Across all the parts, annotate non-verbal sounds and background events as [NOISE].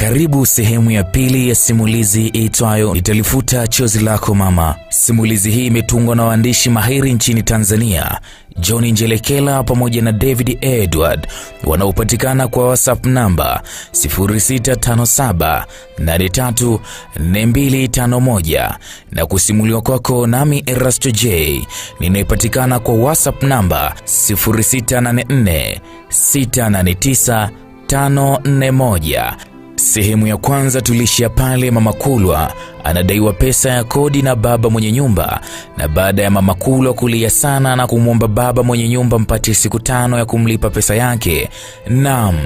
Karibu sehemu ya pili ya simulizi iitwayo Nitalifuta Chozi Lako Mama. Simulizi hii imetungwa na waandishi mahiri nchini Tanzania, John Njelekela pamoja na David Edward, wanaopatikana kwa WhatsApp namba 0657834251 na kusimuliwa kwako nami Erasto J, ninayepatikana kwa WhatsApp namba 0684689541 Sehemu ya kwanza tulishia pale mama Kulwa anadaiwa pesa ya kodi na baba mwenye nyumba, na baada ya mama Kulwa kulia sana na kumwomba baba mwenye nyumba mpatie siku tano ya kumlipa pesa yake. Naam,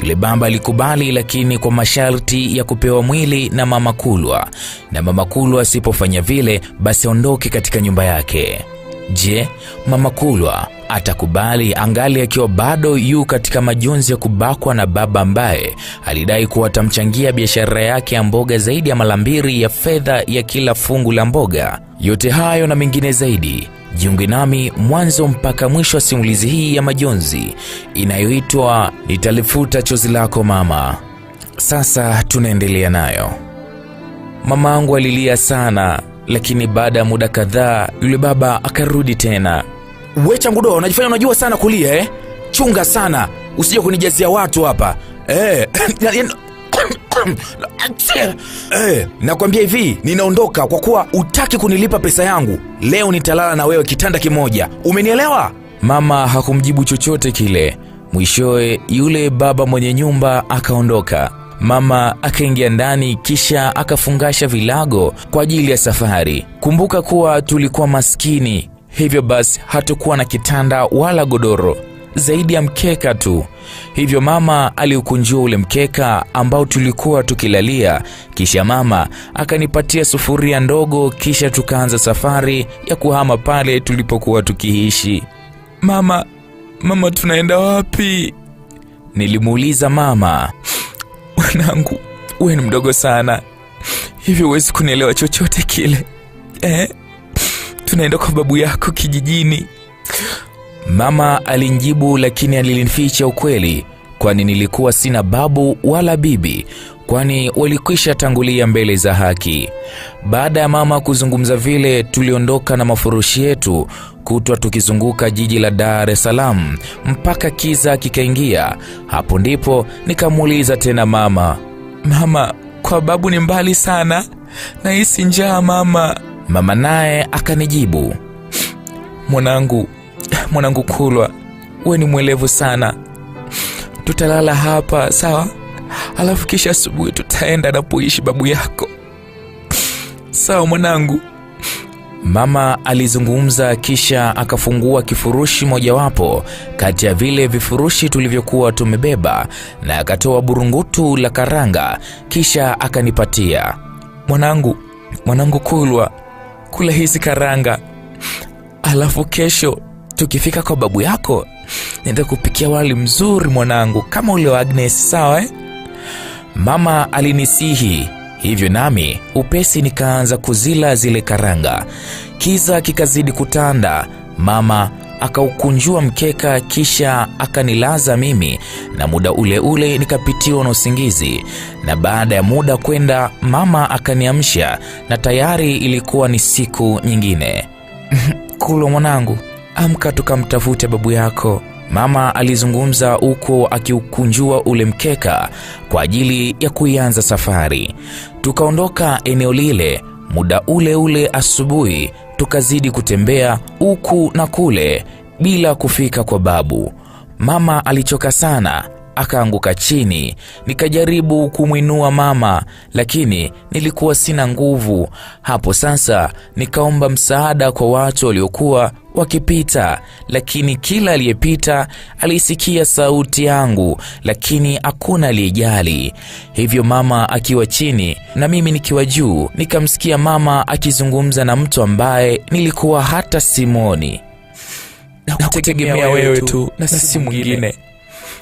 yule baba alikubali, lakini kwa masharti ya kupewa mwili na mama Kulwa, na mama Kulwa asipofanya vile, basi aondoke katika nyumba yake. Je, mama Kulwa atakubali angali akiwa bado yu katika majonzi ya kubakwa na baba ambaye alidai kuwa atamchangia biashara yake ya mboga zaidi ya mara mbili ya fedha ya kila fungu la mboga? Yote hayo na mengine zaidi, jiunge nami mwanzo mpaka mwisho wa simulizi hii ya majonzi inayoitwa Nitalifuta Chozi Lako Mama. Sasa tunaendelea nayo. Mama angu alilia sana lakini baada ya muda kadhaa yule baba akarudi tena. We Changudoa, unajifanya unajua sana kulia eh? Chunga sana usije kunijazia watu hapa eh. [COUGHS] Eh, nakwambia hivi, ninaondoka kwa kuwa utaki kunilipa pesa yangu. Leo nitalala na wewe kitanda kimoja, umenielewa? Mama hakumjibu chochote kile. Mwishowe yule baba mwenye nyumba akaondoka. Mama akaingia ndani kisha akafungasha vilago kwa ajili ya safari. Kumbuka kuwa tulikuwa maskini, hivyo basi hatukuwa na kitanda wala godoro zaidi ya mkeka tu. Hivyo mama aliukunjua ule mkeka ambao tulikuwa tukilalia, kisha mama akanipatia sufuria ndogo, kisha tukaanza safari ya kuhama pale tulipokuwa tukiishi. Mama, mama, tunaenda wapi? Nilimuuliza mama. Mwanangu, uwe ni mdogo sana, hivyo huwezi kunielewa chochote kile eh? Tunaenda kwa babu yako kijijini, mama alinjibu, lakini alinificha ukweli, kwani nilikuwa sina babu wala bibi kwani walikwisha tangulia mbele za haki. Baada ya mama kuzungumza vile, tuliondoka na mafurushi yetu kutwa tukizunguka jiji la Dar es Salaam mpaka kiza kikaingia. Hapo ndipo nikamuuliza tena mama, mama, kwa babu ni mbali sana, nahisi njaa mama. Mama naye akanijibu, mwanangu, mwanangu Kulwa, we ni mwelevu sana, tutalala hapa sawa? alafu kisha asubuhi tutaenda anapoishi babu yako. Sawa mwanangu, mama alizungumza, kisha akafungua kifurushi mojawapo kati ya vile vifurushi tulivyokuwa tumebeba na akatoa burungutu la karanga, kisha akanipatia. Mwanangu, mwanangu, kulwa kula hizi karanga, alafu kesho tukifika kwa babu yako nenda kupikia wali mzuri mwanangu, kama ule wa Agnes, sawa eh? Mama alinisihi hivyo nami upesi nikaanza kuzila zile karanga. Kiza kikazidi kutanda, mama akaukunjua mkeka kisha akanilaza mimi, na muda ule ule nikapitiwa na usingizi. Na baada ya muda kwenda, mama akaniamsha na tayari ilikuwa ni siku nyingine. [LAUGHS] Kulo mwanangu, amka tukamtafute babu yako. Mama alizungumza huko akiukunjua ule mkeka kwa ajili ya kuianza safari. Tukaondoka eneo lile muda ule ule asubuhi, tukazidi kutembea huku na kule bila kufika kwa babu. Mama alichoka sana, akaanguka chini. Nikajaribu kumwinua mama, lakini nilikuwa sina nguvu. Hapo sasa nikaomba msaada kwa watu waliokuwa wakipita, lakini kila aliyepita alisikia sauti yangu, lakini hakuna aliyejali. Hivyo mama akiwa chini na mimi nikiwa juu, nikamsikia mama akizungumza na mtu ambaye nilikuwa hata simoni, nakutegemea wewe tu na si mwingine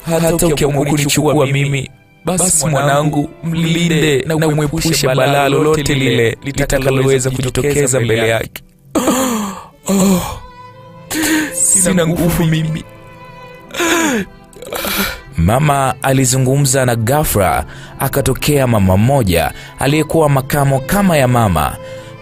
hata ukiamua kunichukua mimi basi mwanangu mlinde na umwepushe balaa lolote lile litakaloweza kujitokeza mbele yake. Oh, [GASPS] sina nguvu mimi. [GASPS] Mama alizungumza na gafra akatokea mama mmoja aliyekuwa makamo kama ya mama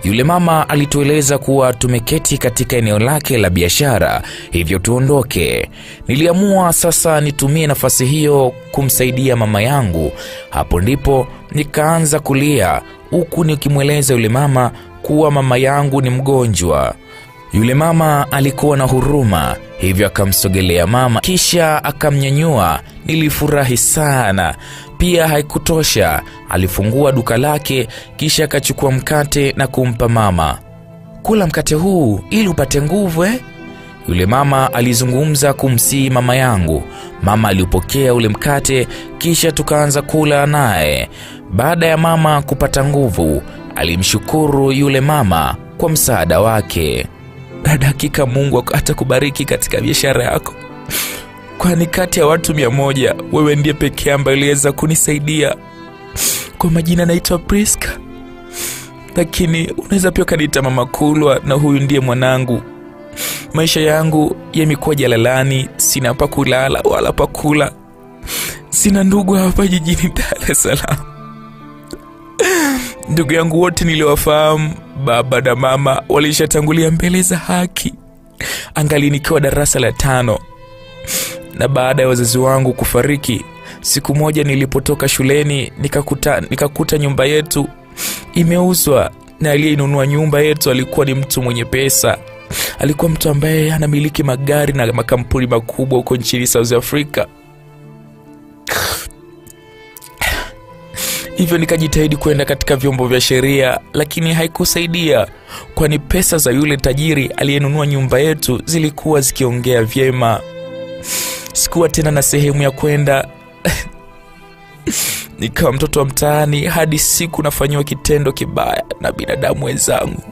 yule mama alitueleza kuwa tumeketi katika eneo lake la biashara, hivyo tuondoke. Niliamua sasa nitumie nafasi hiyo kumsaidia mama yangu. Hapo ndipo nikaanza kulia huku nikimweleza yule mama kuwa mama yangu ni mgonjwa. Yule mama alikuwa na huruma, hivyo akamsogelea mama kisha akamnyanyua. Nilifurahi sana. Pia haikutosha, alifungua duka lake kisha akachukua mkate na kumpa mama. Kula mkate huu ili upate nguvu eh? Yule mama alizungumza kumsii mama yangu. Mama aliupokea ule mkate kisha tukaanza kula naye. Baada ya mama kupata nguvu, alimshukuru yule mama kwa msaada wake. Dada, hakika Mungu atakubariki katika biashara yako kwani kati ya watu mia moja wewe ndiye pekee ambaye uliweza kunisaidia. Kwa majina anaitwa Priska, lakini unaweza pia ukaniita Mama Kulwa, na huyu ndiye mwanangu. Maisha yangu yamekuwa jalalani, sina pa kulala wala pa kula, sina ndugu hapa jijini Dar es Ndugu yangu wote niliwafahamu, baba na mama walishatangulia mbele za haki, angali nikiwa darasa la tano na baada ya wazazi wangu kufariki, siku moja nilipotoka shuleni nikakuta, nikakuta nyumba yetu imeuzwa na aliyeinunua nyumba yetu alikuwa ni mtu mwenye pesa. Alikuwa mtu ambaye anamiliki magari na makampuni makubwa huko nchini South Africa. Hivyo nikajitahidi kwenda katika vyombo vya sheria, lakini haikusaidia, kwani pesa za yule tajiri aliyenunua nyumba yetu zilikuwa zikiongea vyema sikuwa tena na sehemu ya kwenda [LAUGHS] nikawa mtoto wa mtaani hadi siku nafanyiwa kitendo kibaya na binadamu wenzangu [LAUGHS]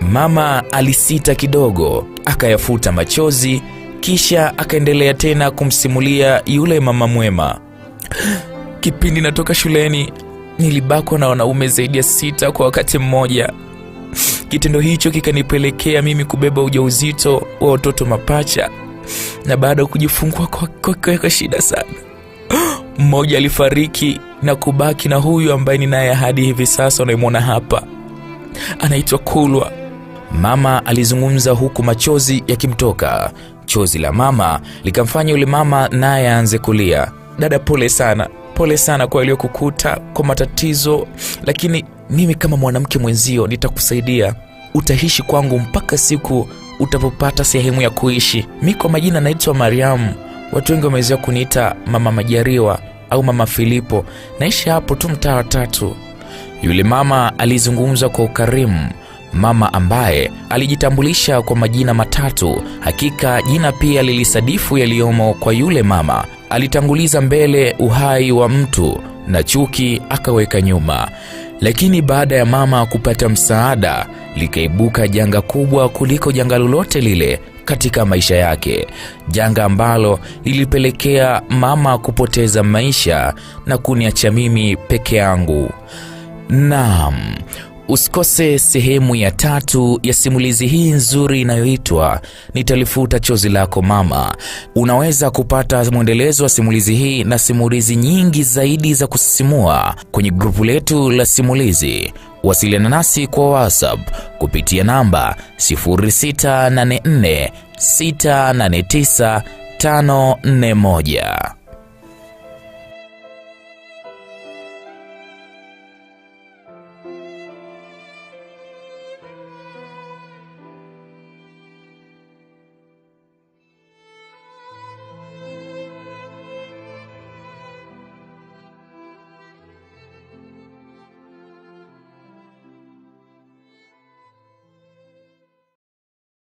mama alisita kidogo akayafuta machozi kisha akaendelea tena kumsimulia yule mama mwema kipindi natoka shuleni nilibakwa na wanaume zaidi ya sita kwa wakati mmoja Kitendo hicho kikanipelekea mimi kubeba ujauzito wa watoto mapacha, na baada ya kujifungua kwa, kwa, kwa, kwa shida sana, [GASPS] mmoja alifariki na kubaki na huyu ambaye ninaye hadi hivi sasa unayemwona hapa, anaitwa Kulwa. Mama alizungumza huku machozi yakimtoka. Chozi la mama likamfanya yule mama naye aanze kulia. Dada, pole sana, pole sana kwa aliyokukuta kwa matatizo, lakini mimi kama mwanamke mwenzio nitakusaidia, utaishi kwangu mpaka siku utapopata sehemu ya kuishi. Mi kwa majina naitwa Mariamu, watu wengi wamezoea kuniita Mama majariwa au Mama Filipo. Naishi hapo tu mtaa wa tatu. Yule mama alizungumza kwa ukarimu, mama ambaye alijitambulisha kwa majina matatu. Hakika jina pia lilisadifu yaliyomo kwa yule mama. Alitanguliza mbele uhai wa mtu na chuki akaweka nyuma. Lakini baada ya mama kupata msaada, likaibuka janga kubwa kuliko janga lolote lile katika maisha yake, janga ambalo lilipelekea mama kupoteza maisha na kuniacha mimi peke yangu. Naam, Usikose sehemu ya tatu ya simulizi hii nzuri inayoitwa Nitalifuta Chozi Lako Mama. Unaweza kupata mwendelezo wa simulizi hii na simulizi nyingi zaidi za kusisimua kwenye grupu letu la simulizi. Wasiliana nasi kwa WhatsApp kupitia namba 0684 689 541.